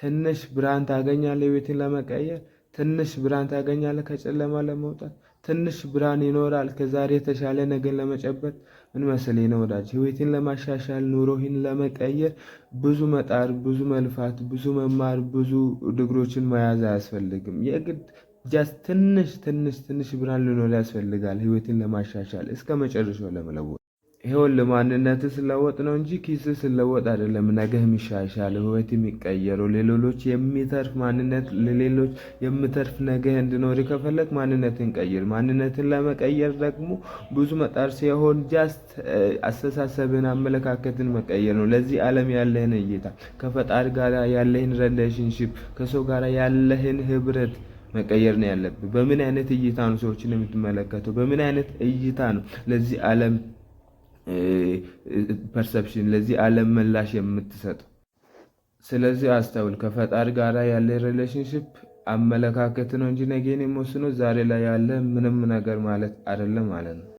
ትንሽ ብርሃን ታገኛለህ። ህይወትን ለመቀየር ትንሽ ብርሃን ታገኛለህ። ከጨለማ ለመውጣት ትንሽ ብርሃን ይኖራል። ከዛሬ የተሻለ ነገን ለመጨበጥ ምን መሰለህ ነው ወዳጅ፣ ህይወትን ለማሻሻል ኑሮህን ለመቀየር ብዙ መጣር፣ ብዙ መልፋት፣ ብዙ መማር፣ ብዙ ድግሮችን መያዝ አያስፈልግም። የግድ ጃስ ትንሽ ትንሽ ትንሽ ብርሃን ሊኖር ያስፈልጋል። ህይወትን ለማሻሻል እስከ መጨረሻው ለመለወጥ ይኸውልህ ማንነት ስለወጥ ነው እንጂ ኪስ ስለወጥ አይደለም። ነገህ የሚሻሻል ህይወት የሚቀየረው ለሌሎች የሚተርፍ ማንነት ለሌሎች የምተርፍ ነገህ እንድኖር ከፈለግ ማንነትን ቀይር። ማንነትን ለመቀየር ደግሞ ብዙ መጣር ሲሆን ጃስት አስተሳሰብን፣ አመለካከትን መቀየር ነው። ለዚህ ዓለም ያለህን እይታ፣ ከፈጣሪ ጋር ያለህን ሪሌሽንሽፕ፣ ከሰው ጋር ያለህን ህብረት መቀየር ነው ያለብህ። በምን አይነት እይታ ነው ሰዎችን የምትመለከተው? በምን አይነት እይታ ነው ለዚህ ዓለም ፐርሰፕሽን ለዚህ ዓለም ምላሽ የምትሰጠው። ስለዚህ አስተውል፣ ከፈጣሪ ጋር ያለ ሪሌሽንሽፕ አመለካከት ነው እንጂ ነገን የሚወስነው ዛሬ ላይ ያለ ምንም ነገር ማለት አይደለም ማለት ነው።